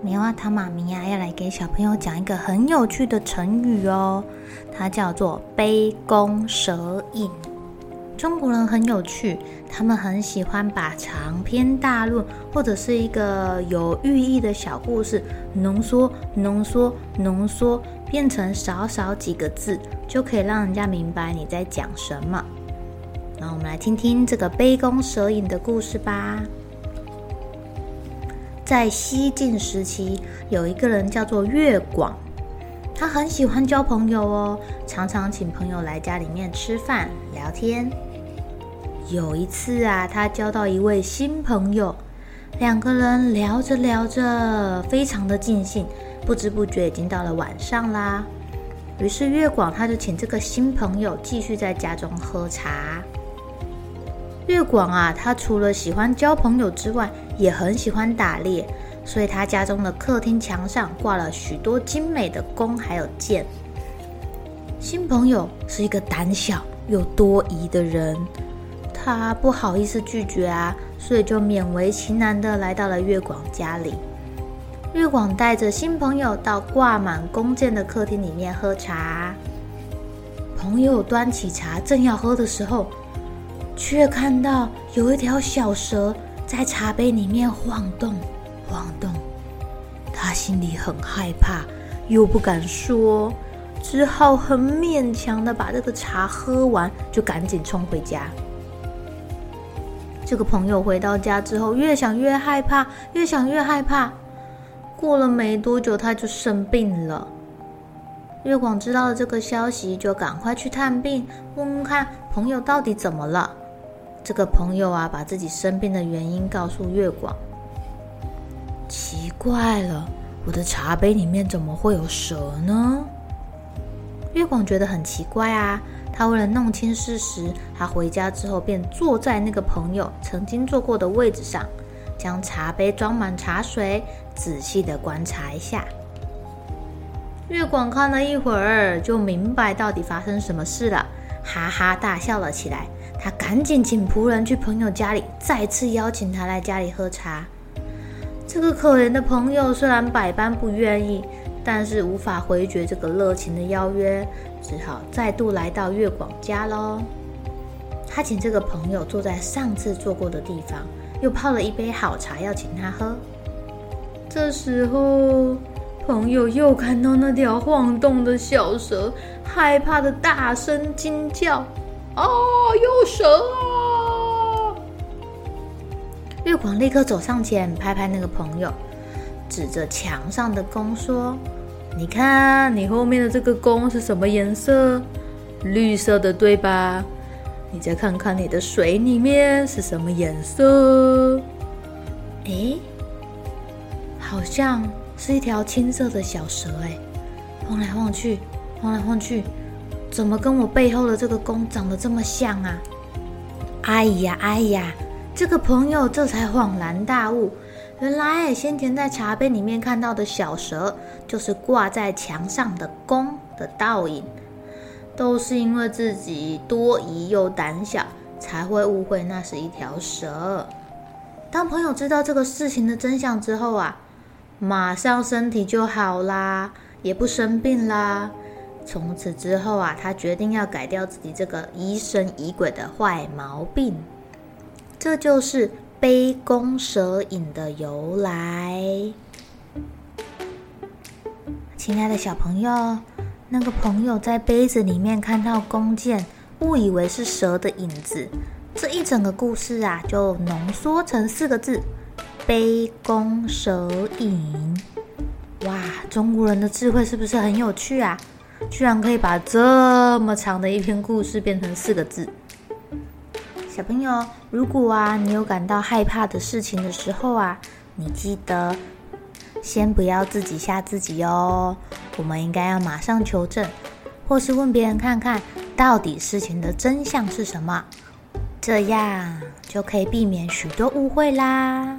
棉花糖媽咪呀要來給小朋友講一個很有趣的成語哦，它叫做“杯弓蛇影”。中國人很有趣，他們很喜歡把長篇大論或者是一個有寓意的小故事濃縮、濃縮、濃縮，變成少少幾個字，就可以讓人家明白你在講什麼。那我們來聽聽這個“杯弓蛇影”的故事吧。在西晉時期，有一個人叫做樂廣，他很喜歡交朋友哦，常常請朋友來家裡面吃飯聊天。有一次啊，他交到一位新朋友，兩個人聊着聊着，非常的盡興，不知不覺已經到了晚上啦。於是樂廣他就請這個新朋友繼續在家中喝茶。月廣啊，他除了喜歡交朋友之外，也很喜歡打獵，所以他家中的客廳牆上掛了許多精美的弓還有箭。新朋友是一個膽小又多疑的人，他不好意思拒絕啊，所以就勉為其難的來到了月廣家裡。月廣帶着新朋友到掛滿弓箭的客廳裡面喝茶。朋友端起茶正要喝的時候。卻看到有一條小蛇在茶杯裡面晃動，晃動。他心裡很害怕，又不敢說，只好很勉強地把這個茶喝完，就趕緊衝回家。這個朋友回到家之後，越想越害怕，越想越害怕。過了沒多久，他就生病了。樂廣知道了這個消息，就趕快去探病，問問看朋友到底怎麼了。這個朋友啊，把自己生病的原因告訴樂廣。奇怪了，我的茶杯裡面怎麼會有蛇呢？樂廣覺得很奇怪啊。他為了弄清事實，他回家之後便坐在那個朋友曾經坐過的位置上，將茶杯裝滿茶水，仔細的觀察一下。樂廣看了一會兒，就明白到底發生什麼事了，哈哈大笑了起來。他趕緊請僕人去朋友家裡，再次邀請他來家裡喝茶。這個可憐的朋友雖然百般不願意，但是無法回絕這個熱情的邀約，只好再度來到樂廣家嘍。他請這個朋友坐在上次坐過的地方，又泡了一杯好茶要請他喝。這時候，朋友又看到那條晃動的小蛇，害怕的大聲驚叫。哦，有蛇、啊！樂廣立刻走上前，拍拍那個朋友，指着牆上的弓說：“你看，你後面的這個弓是什麼顏色？綠色的，對吧？你再看看你的水裡面是什麼顏色？誒好像是一條青色的小蛇、欸，哎，晃來晃去，晃來晃去。”怎麼跟我背後的這個弓長得這麼像啊？哎呀哎呀，這個朋友這才恍然大悟，原來先前在茶杯裡面看到的小蛇，就是掛在牆上的弓的倒影。都是因為自己多疑又膽小，才會誤會那是一條蛇。當朋友知道這個事情的真相之後啊，馬上身體就好啦，也不生病啦。從此之後啊，他決定要改掉自己這個疑神疑鬼的壞毛病。這就是杯弓蛇影的由來。親愛的小朋友，那個朋友在杯子裡面看到弓箭，誤以為是蛇的影子。這一整個故事啊，就濃縮成四個字：杯弓蛇影。哇，中國人的智慧是不是很有趣啊？居然可以把這麼長的一篇故事變成四個字。小朋友，如果啊你有感到害怕的事情的時候啊，你記得先不要自己嚇自己哦。我們應該要馬上求證，或是問別人看看，到底事情的真相是什麼，這樣就可以避免許多誤會啦。